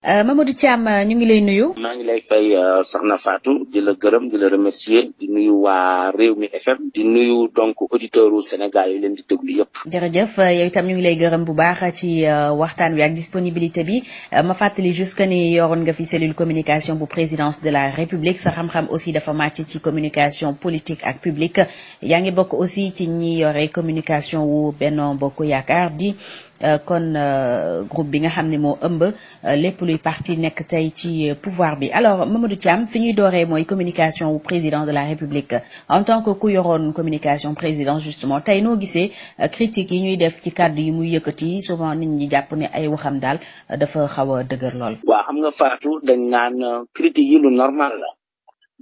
Uh, Mamadou Thiam euh, ñu ngi lay nuyu. maa ngi lay fay uh, Soxna Fatou di la gërëm di la remercier di nuyu waa Rewmi FM di nuyu donc auditeurs Sénégal yi leen di déglu yëpp. jërëjëf uh, yow itam ñu ngi lay gërëm bu baax ci euh, waxtaan wi ak disponibilité bi euh, ma fàttali jusque ni yoroon nga fi cellule communication bu présidence de la République sa xam-xam aussi dafa màcc ci communication politique ak publique yaa ngi bokk aussi ci ñi yore communication wu Benno Bokk Yaakaar di. Euh, kon euh, groupe bi nga xam ne moo ëmb euh, lépp luy parti nekk tey ci pouvoir bi alors Mamadou Thiam fi ñuy dooree mooy communication wu président de la République en tant que ku yoroon communication président justement tey noo gisee critiques yi ñuy def ci kàddu yi muy yëkkati souvent nit ñi jàpp ne ay waxam daal dafa xaw a dëgër lool. waaw xam nga Fatou dañ naan critiques yi lu normal la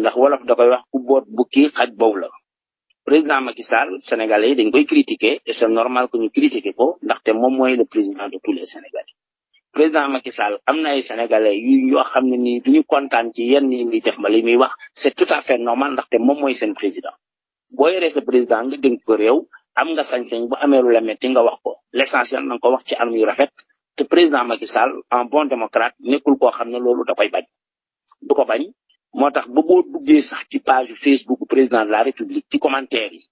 ndax wolof da koy wax ku boot bukki xaj boobu la. président Macky Sall sénégalais yi dañ koy critiquer et c'est normal que ñu critiquer ko ndaxte moom mooy le président de tous les sénégalais président Macky Sall am na ay sénégalais yoo xam ne nii duñu kontaan ci yenn yi muy def ma li muy wax c'est tout à fait normal ndaxte moom mooy sen président boo yoree sa président nga dénk ko réew am nga sañ-sañ bu amee lu la metti nga wax ko l'essentiel na nga ko wax ci anam yu rafet te président Macky Sall en bon démocrate nekkul koo xam ne loolu da koy bañ du bañ moo tax ba boo duggee sax ci page Facebook président de la république ci commentaire yi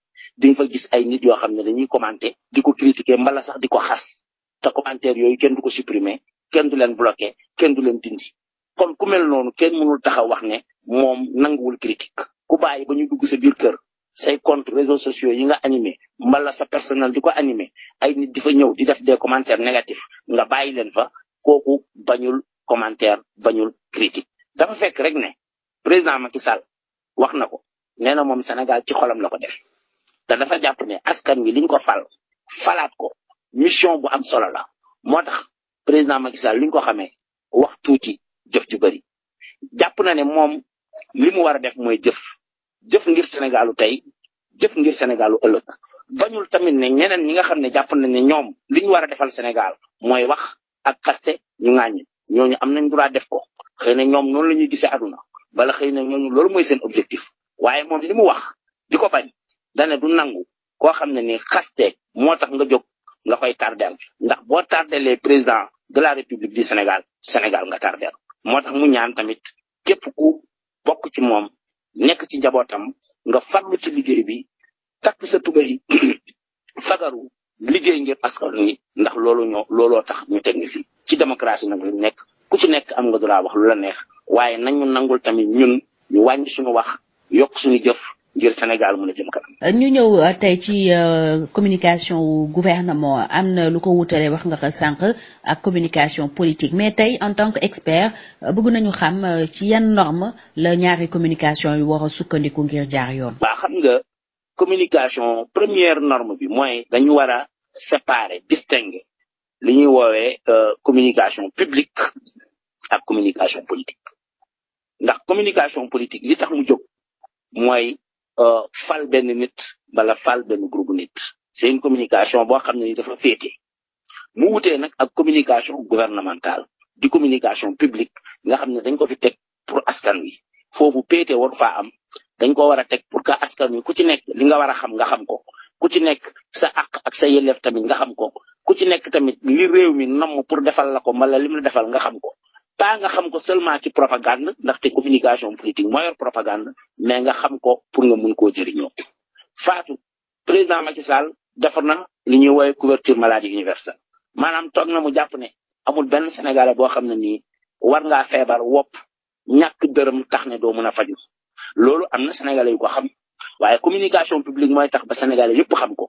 di fa gis ay nit yoo xam ne dañuy commenter di ko critiquer mbala sax di ko xas te commentaire yooyu kenn du ko suprimer kenn du leen bloquer kenn du leen dindi kon ku mel noonu kenn mënul taxaw wax ne moom nanguwul critique ku bàyyi ba ñu dugg sa biir kër say compte réseaux sociaux yi nga animé mbala sax personnel di ko animer ay nit di fa ñëw di def dee commentaires négatifs nga bàyyi leen fa kooku bañul commentaire bañul critique dafa fekk rek ne président Macky Sall wax na ko nee na moom Sénégal ci xolam la ko def te dafa jàpp ne askan wi liñ ko fal falaat ko mission bu am solo la moo tax président Macky Sall liñ ko xamee wax tuuti jëf ju bëri jàpp na ne moom li mu war a def mooy jëf jëf ngir Sénégalu tey jëf ngir Sénégalu ëllëg bañul tamit ne ñeneen ñi nga xam ne jàpp nañ ne ñoom li ñu war a defal Sénégal mooy wax ak xaste ñu ŋàññi ñooñu am nañ droit def ko xëy na ñoom noonu la ñuy gisee aduna bala xëy na ñooñu loolu mooy seen objectif waaye moom li mu wax di ko bañ dana du nangu koo xam ne ni xaste moo tax nga jóg nga koy tardeel ndax boo tardelee président de la république du Sénégal Sénégal nga tardeel moo tax mu ñaan tamit képp ku bokk ci moom nekk ci njabootam nga farlu ci liggéey bi takk sa tubay fagaru liggéey ngir askan wi ndax loolu ñoo looloo tax ñu teg ñu ci démocratie nag lañ nekk ku ci nekk am nga droit wax lu la neex waaye nañu nangul tamit ñun ñu wàññi suñu wax yokk suñu jëf ngir Sénégal mën a jëm kanam. ñu ñëw euh, tey ci euh, communication wu gouvernement am na lu ko wutale wax nga ko sànq ak communication politique mais tey en tant que expert euh, bëgg nañu xam ci yan norme la ñaari communication yu war sukkandiku ngir jaar yoon. waa xam nga communication première norme bi mooy dañu war a séparer distinguer li ñuy woowee communication publique ak communication politique ndax communication politique li tax mu jog mooy euh, fal benn nit bala fal benn groupe nit c'est communication boo xam ne ni dafa féete mu wutee nag ak communication gouvernementale di communication publique nga xam ne dañ ko fi teg pour askan wi foofu péete waru faa am dañ ko war a teg pour que askan wi ku ci nekk li nga war a xam nga xam ko ku ci nekk sa àq ak sa yelleef tamit nga xam ko ku ci nekk tamit li réew mi namm pour defal la ko mbala lim la defal nga xam ko pas nga xam ko seulement ci propagande ndaxte communication politique moo propagande mais nga xam ko pour nga mun koo jëriñoo faatu président Macky Sall defar na li ñuy woowee couverture maladie universelle maanaam toog na mu jàpp ne amul benn sénégalais boo xam ne nii war ngaa feebar wopp ñàkk dërëm tax ne doo mën a faju loolu am na sénégalais yu ko xam waaye communication publique mooy tax ba sénégalais yëpp xam ko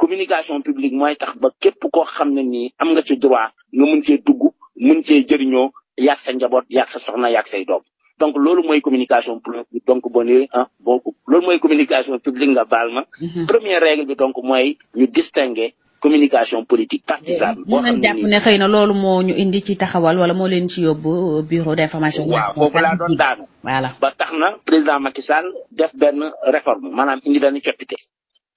communication publique mooy tax ba képp koo xam ne nii am nga ci droit nga mun cee dugg mun cee jëriñoo yàgg sa njaboot yàgg sa soxna yàgg say doom donc loolu mooy communication publique donc boo nee ah boo loolu communication publique nga baal ma. Mhm. première règle bi donc mooy ñu distingué communication politique partisane. boo xam ne xëy na loolu moo ñu indi ci taxawal wala moo leen ci yóbbu euh, bureau d'information. waaw foofu laa doon daanu. voilà ba tax na président Macky Sall def benn réforme maanaam indi benn coppite.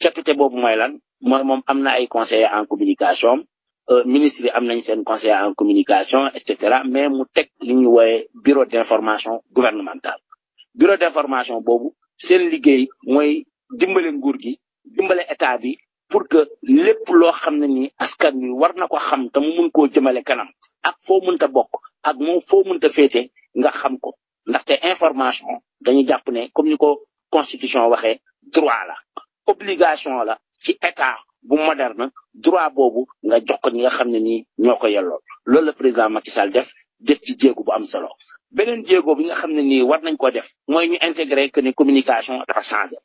coppite boobu mooy lan mooy moom am na ay conseillers en communication Euh, ministre yi am nañ seen conseil en communication et cetera mais mu teg li ñuy wooye bureau d'information gouvernementale bureau d'information boobu seen liggéey mooy dimbale nguur gi dimbale état bi pour que lépp loo xam ne nii askan wi war na ko xam ta mu mun koo jëmale kanam ak foo mënta bokk ak moom foo mënta féete nga xam ko ndaxte information dañu jàpp ne comme ni ko constitution waxee droit la obligation la ci état bu moderne droit boobu nga jox ko ñi nga xam ne nii ñoo ko yelloo lool la président Macky Sall def def ci jéego bu am solo beneen jéego bi nga xam ne nii war nañ ko def mooy ñu intégré que ni communication dafa changé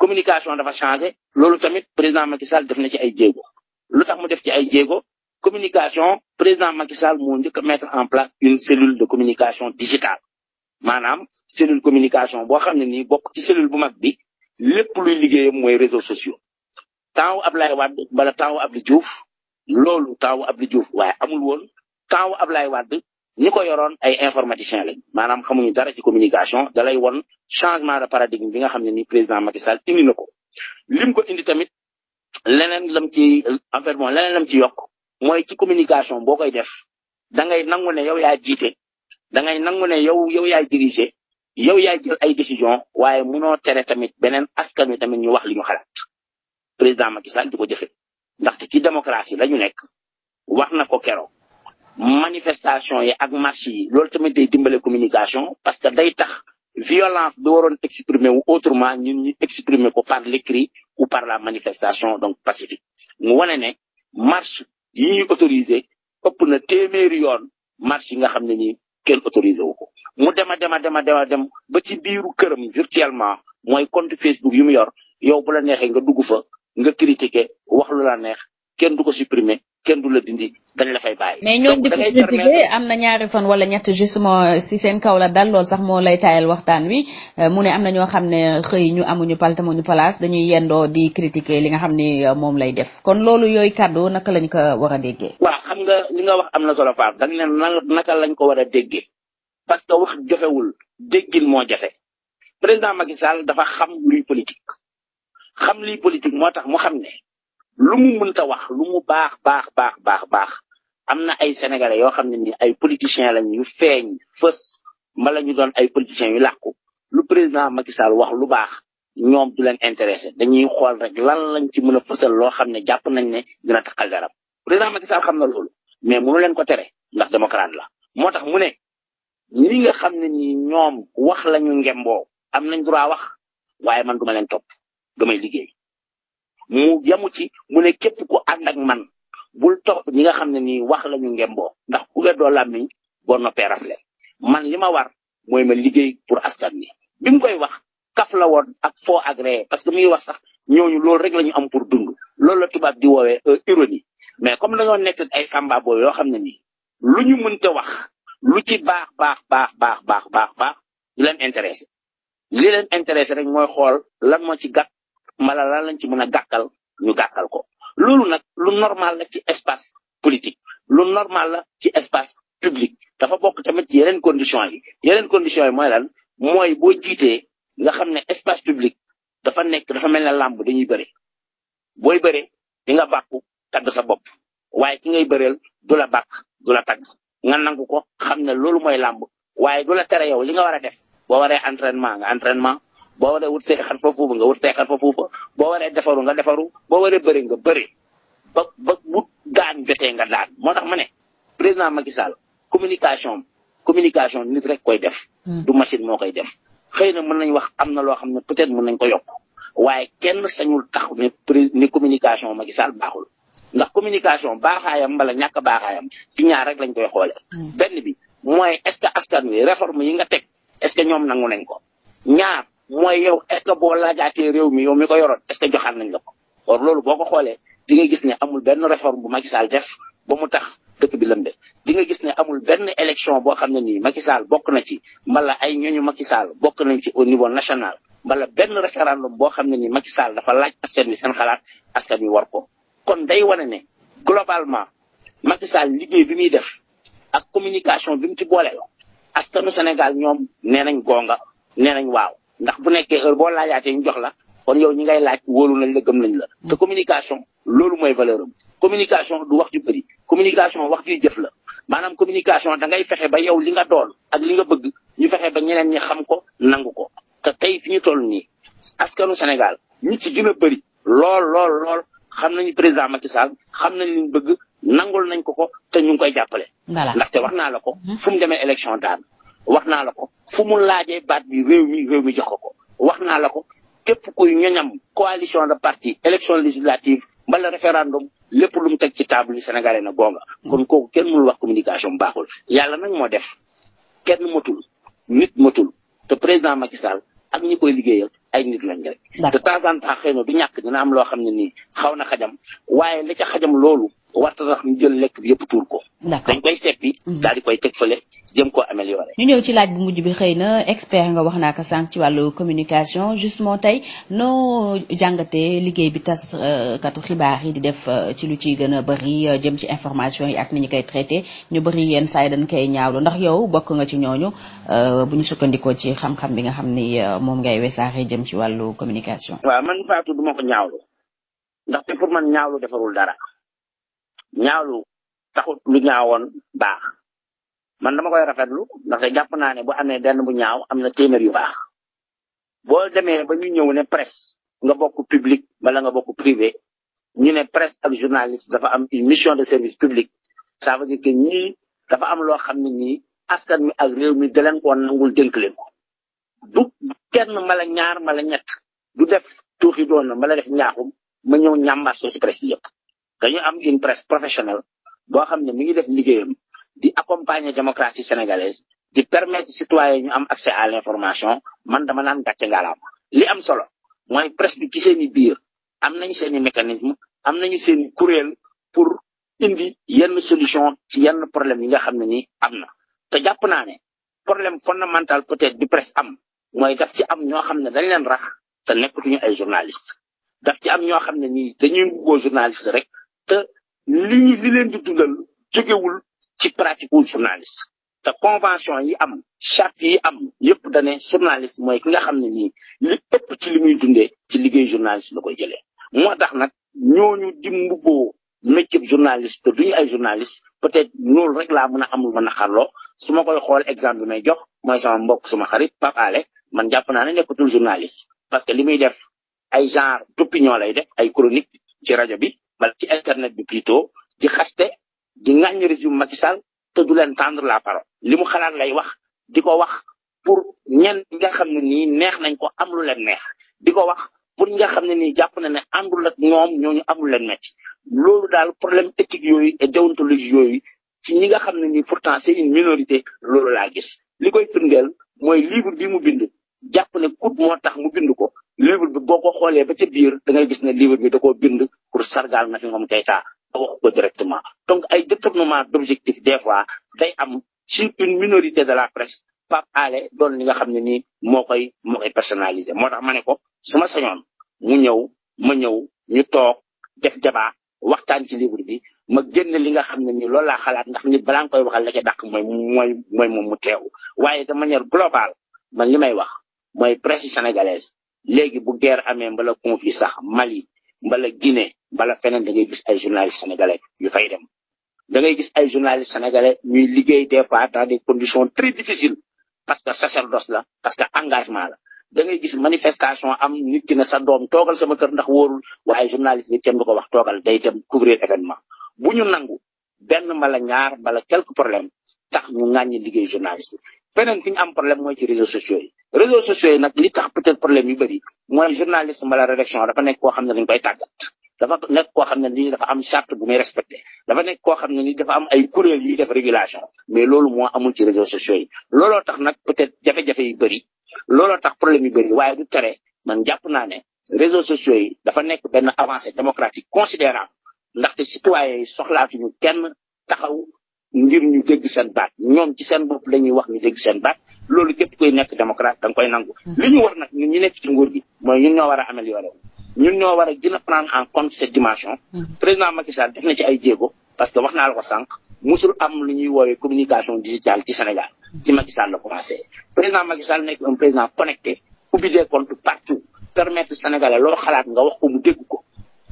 communication dafa changé loolu tamit président Macky Sall def na ci ay jéego lu tax mu def ci ay jéego communication président Macky Sall moo njëkk a mettre en place une cellule de communication digitale maanaam cellule communication boo xam ne nii bokk ci bu mag bi lépp luy liggéeyam mooy réseaux sociaux taawu Ablaye Wade bala taawu Abdou Diouf loolu taawu Abdou Diouf waaye amul woon taawu Ablaye Wade ñi ko yoroon ay informaticiens lañ maanaam xamuñu dara ci communication dalay won changement de paradigme bi nga xam ne ni président Macky Sall indi na ko lim ko indi tamit leneen lam ci en fait leneen lam ci yokk mooy ci communication boo koy def da ngay nangu ne yow yaa jiite da ngay nangu ne yow yow yaay diriger yow yaay jël ay décision waaye munoo tere tamit beneen askan wi tamit ñu wax li ñu xalaat président Macky Sall di ko jëfe ndaxte ci démocratie la ñu nekk wax na ko keroog manifestation yi ak marche yi loolu tamit day dimbale communication parce que day tax violence bi waroon exprimer wu autrement ñun ñu exprimer ko par l'écrit ou par la manifestation donc pacifique mu wane ne marche yi ñuy autorisé ëpp na téeméeri yoon marche yi nga xam ne nii kenn autorisé wu ko mu dem a dem a dem a dem a dem ba ci biiru këram virtuellement mooy compte Facebook yu mu yor yow bu la neexee nga dugg fa nga critiquer wax lu la neex kenn du ko supprimer kenn du la dindi dañ la fay bàyyi. mais ñooñu di ko critiquer am na ñaari fan wala ñett justement euh, si seen kaw la dal lool sax moo lay taayal waxtaan wi euh, mu ne am na ñoo xam ne euh, xëy ñu amuñu pal tamuñu place dañuy yendoo di critiquer li nga xam ne moom lay def kon loolu yooyu kàddu naka lañ ko war a wa waaw xam nga li nga wax am na solo faar da nga ne naka lañ ko war a déggee parce que wax jafewul déggin moo jafe président Macky Sall dafa xam luy politique. xam lii politique moo tax mu xam ne lu mu mënta wax lu mu baax baax baax baax baax am na ay sénégalais yoo xam ne ni ay politiciens lañ yu feeñ fës mbala ñu doon ay politiciens yu làkku lu président Macky Sall wax lu baax ñoom du leen intéressé dañuy xool rek lan lañ ci mun a fësal loo xam ne jàpp nañ ne dina taxal daram président Macky Sall xam na loolu mais mënu leen ko tere ndax démocrate la moo tax mu ne ñi nga xam ne ni ñoom wax lañu ngemboo am nañ droit wax waaye man duma leen topp damay liggéey mu yamu ci mu ne képp ku ànd man bul topp ñi nga xam ne nii wax lañu ngemboo ndax ku weddoo làmmiñ boo noppee rafle man li ma war mooy ma liggéey pour askan wi bi koy wax kaf la woon ak foo agréé parce que mi wax sax ñooñu loolu rek la ñu am pour dund loolu la tubaab di woowee euh, ironie mais comme dañoo nekk ay samba boobu yoo xam ne nii lu ñu mënta wax lu ci baax baax baax baax baax baax baax du leen intéressé li leen intéressé rek mooy xool lan moo ci gàtt mala laal lañ ci mën a gàkkal ñu gàkkal ko loolu nag lu normal la ci espace politique lu normal la ci espace public dafa bokk tamit ci yeneen condition yi yeneen condition yi mooy lan mooy boo jiitee nga xam ne espace public dafa nekk dafa mel ne làmb dañuy bëre booy bëre di nga bàkku tagg sa bopp waaye ki ngay bëreel du la bàkk du la tagg nga nangu ko xam ne loolu mooy làmb waaye du la tere yow li nga war a def boo waree entraînement nga entraînement boo waree wut say xar fa fuufa nga wut say xar fa boo waree defaru nga defaru boo waree bëri nga bëri ba ba wut daan jotee nga daan moo tax ma ne président Macky Sall communication communication nit rek koy def. Hmm. du machine moo koy def. xëy na mën nañ wax am na loo xam ne peut-être nañ ko yokk waaye kenn sañul tax ne ni communication Macky Sall baaxul ndax communication baaxaayam wala ñàkk baaxaayam ci ñaar rek lañ koy xoole hmm. benn bi mooy est-ce que askan wi réforme yi nga teg est-ce que ñoom nangu nañ ko mooy yow est ce que boo laajaatee réew mi yow mi ko yoroon est ce que joxaat nañ la ko or loolu boo ko xoolee di nga gis ne amul benn réforme bu Macky Sall def ba mu tax dëkk bi de di nga gis ne amul benn élection boo xam ne nii Macky Sall bokk na ci mbala ay ñooñu Macky Sall bokk nañ ci au niveau national mbala benn référendum boo xam ne nii Macky Sall dafa laaj askan wi seen xalaat askan wi war ko kon day wane ne globalement Macky Sall liggéey bi muy def ak communication bi mu ci boole yo askanu Sénégal ñoom nee nañ gonga nee nañ waaw ndax bu nekkee heure boo laajaatee ñu jox la kon yow ñi ngay laaj wóolu nañ la gëm nañ la mm. te communication loolu mooy valeur am communication du wax ju bëri communication wax juy jëf la maanaam communication da ngay fexe ba yow li nga doon ak li nga bëgg ñu fexe ba ñeneen ñi xam ko nangu ko te tey fi ñu toll nii askanu Sénégal ñi ci gën bëri lool lool lool xam nañu président Macky Sall xam na liñ bëgg nangul nañ ko ko te ñu koy jàppale. ndaxte wax naa la ko mm-hmm. fu wax naa la ko fu mu laajee baat bi réew mi réew jox ko ko wax naa la ko képp kuy ñoñam coalition de parti élection législative mbala référendum lépp lu mu teg ci table bi sénégalais na gonga kon kooku kenn mënul wax communication baaxul yàlla nag moo def kenn motul nit motul te président Macky Sall ak ñi koy liggéeyal ay nit lañ rek de temps en temps xëy na du ñàkk dina am loo xam ne nii xaw na xajam waaye la ca xajam loolu warta tax ñu jël lekk bi yëpp tuur ko. dañ koy seppi. Mhm. daal di koy teg fële jëm koo amélioré. ñu ñëw ci laaj bu mujj bi xëy expert nga wax naa ko sànq ci wàllu communication justement tey noo jàngatee liggéey bi tas euh, katu xibaar yi di def euh, ci lu ciy gën a bëri euh, jëm ci information yi ak ni ñu koy traité ñu bëri yenn saa dañ koy ñaawlu ndax yow bokk nga ci ñooñu bu ñu sukkandikoo ci xam bi nga xam ni moom ngay wesaare jëm ci wàllu communication. waaw man Fatou du ma ko ñaawlu ndaxte pour man ñaawlu defarul dara. ñaawlu taxut lu ñaawoon baax man dama koy rafetlu ndaxte jàpp naa ne bu amee benn bu ñaaw am na téeméer yu baax boo demee ba ñu ñëw ne presse nga bokk public mala nga bokk privé ñu ne presse ak journaliste dafa am une mission de service public ça veut dire que ñii dafa am loo xam ne nii askan mi ak mi daleen ko nangul dénk leen ko du kenn mala ñaar mala ñett du def tuuxi doon na mala def ñaaxum ma ñëw ñàmbaas ko ci presse yëpp dañu am une presse professionnelle boo xam ne mi ngi def liggéeyam di accompagner démocratie sénégalaise di permettre citoyens ñu am accès à l'information man dama naan gàcce ngalaama li am solo mooy presse bi ci seen i biir am nañu seen i mécanisme am nañu seen i kuréel pour indi yenn solution ci yenn problème yi nga xam ne ni am na te jàpp naa ne problème fondamental peut-être bi am mooy daf ci am ñoo xam ne dañ leen rax te nekkatuñu ay journaliste daf ci am ñoo xam ne nii dañuy bëggoo journaliste rek li ñu li leen di dundal jógewul ci pratique journaliste te convention yi am chaque yi am yëpp da ne journaliste mooy ki nga xam ne nii li ëpp ci li muy dundee ci liggéey journaliste la koy jëlee moo tax nag ñooñu di mbubboo métier journaliste te duñu ay journaliste peut-être loolu rek na amul mën a xarloo su ma koy xool exemple bi may jox mooy sama mbokk suma xarit Pape Alé man jàpp naa ne nekkatul journaliste parce que li muy def ay genre d'opinion lay def ay chronique ci rajo bi wala ci internet bi plutôt di xaste di ŋàññi régime Macky Sall te du leen tendre la parole li mu xalaat lay wax di ko wax pour ñenn nga xam ne nii neex nañ ko am lu neex di ko wax pour nga xam ne nii jàpp na ne àndul ak ñoom ñooñu amul leen metti loolu daal problème éthique yooyu et déontologie yooyu ci ñi nga xam ne pour pourtant c'est une minorité loolu laa gis li koy firndeel mooy livre bi mu bind jàpp ne kut moo tax mu bind ko livre bi boo ko xoolee ba ca biir da ngay gis ne livre bi da koo bind pour sargaal na fi moom Keita a wax ko directement donc ay détournement d'objectif des fois day am ci une minorité de la presse Pape ale doon li nga xam ne nii moo koy moo koy personnalisé moo tax ma ne ko su ma sañoon mu ñëw ma ñëw ñu toog def débat waxtaan ci livre bi ma génn li nga xam ne ni loolu laa xalaat ndax nit balaa nga koy waxal la ca dàq mooy mooy mooy moom mu teew waaye da manière globale man li may wax mooy presse sénégalaise léegi bu guerre amee mbala conflit sax Mali mbala Guinée mbala feneen da ngay gis ay journalistes sénégalais yu fay dem da ngay gis ay journalistes sénégalais ñuy liggéey des fois dans des conditions très difficiles parce que sacerdoce la parce que engagement la da ngay gis manifestation am nit ki ne sa doom toogal sama kër ndax wóorul waaye journaliste bi kenn du ko wax toogal day dem couvrir événement bu ñu nangu benn mbala ñaar mbala quelques problèmes tax ñu ŋàññi liggéey journaliste feneen fi ñu am problème mooy ci réseaux sociaux yi nag li tax peut-être problème yu bëri mooy journaliste mbala rédaction dafa nekk koo xam ne dañ koy tàggat dafa nekk koo xam ne nii dafa am charte bu muy respecté dafa nekk koo xam ne ni dafa am ay kuréel yuy def régulation mais loolu moo amul ci réseaux sociaux yi looloo tax nag peut-être jafe-jafe yu bëri looloo tax problème yu bëri waaye du tere man jàpp naa ne réseaux sociaux yi dafa nekk benn avancée démocratique considérable ndaxte citoyens yi soxlaatuñu kenn taxaw ngir ñu dégg seen baat ñoom ci seen bopp la ñuy wax ñu dégg seen baat loolu képp koy nekk démocrate da nga koy nangu. Mm-hmm. li ñu war nag ñun ñu nekk ci nguur gi mooy ñun ñoo war a améliorer ñun ñoo war a gën a prendre en compte cette dimension. Mm-hmm. président Macky Sall def na ci ay jéego parce que wax naa la ko sànq musul am lu ñuy woowee communication digitale ci Sénégal. Mm-hmm. ci Macky Sall la commencé président Macky Sall nekk un président connecté ubbi des comptes partout permettre Sénégalais loo xalaat nga wax mu dégg ko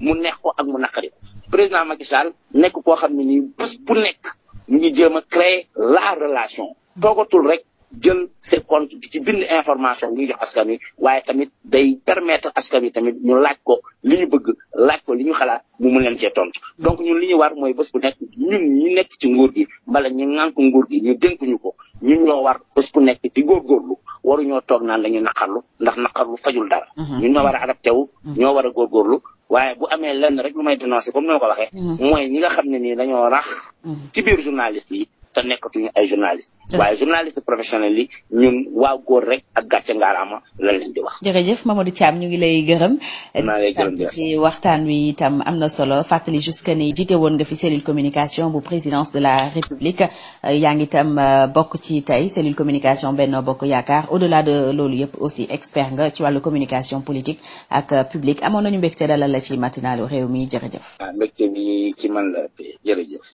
mu neex ko ak mu naqari président Macky Sall nekk koo xam ne nii bés bu nekk. ñu ngi jéem a créer la relation toogatul rek jël ses comptes ci bind information bi ñu jox askan wi waaye tamit day permettre askan wi tamit ñu laaj ko li ñu bëgg laaj ko li ñu xalaat mu mën leen cee tontu. donc ñun li ñu war mooy bés bu nekk ñun ñi nekk ci nguur gi mbala ñu ŋànk nguur gi ñu dénkuñu ko ñu ñoo war bés bu nekk di góorgóorlu waruñoo toog naan dañuy naqarlu ndax naqarlu fajul dara. Mm-hmm. ñun ñoo war a adapté wu. Mm-hmm. ñoo war a góorgóorlu. waaye bu amee lenn rek lu may dénoncé comme ni ma ko waxee. Mm. mooy ñi nga xam ne nii dañoo rax. Mm. ci biir journaliste yi. te nekkatuñu ay journaliste waaye journaliste professionnel yi ñun waa góor rek ak gàcce ngaaraama lan leen di wax jërëjëf Mamadou Thiam ñu ngi lay gërëm maa ci waxtaan wi itam am na solo fàttali jusque ni jiite woon nga fi cellule communication bu présidence de la république euh, yaa ngi itam euh, bokk ci tey cellule communication Benno Bokk Yaakaar au delà de loolu yëpp aussi expert nga ci wàllu communication politique ak euh, publique amoon nañu mbégte dalal la ci matinalu réew mi jërëjëf ah, mbégte bi ci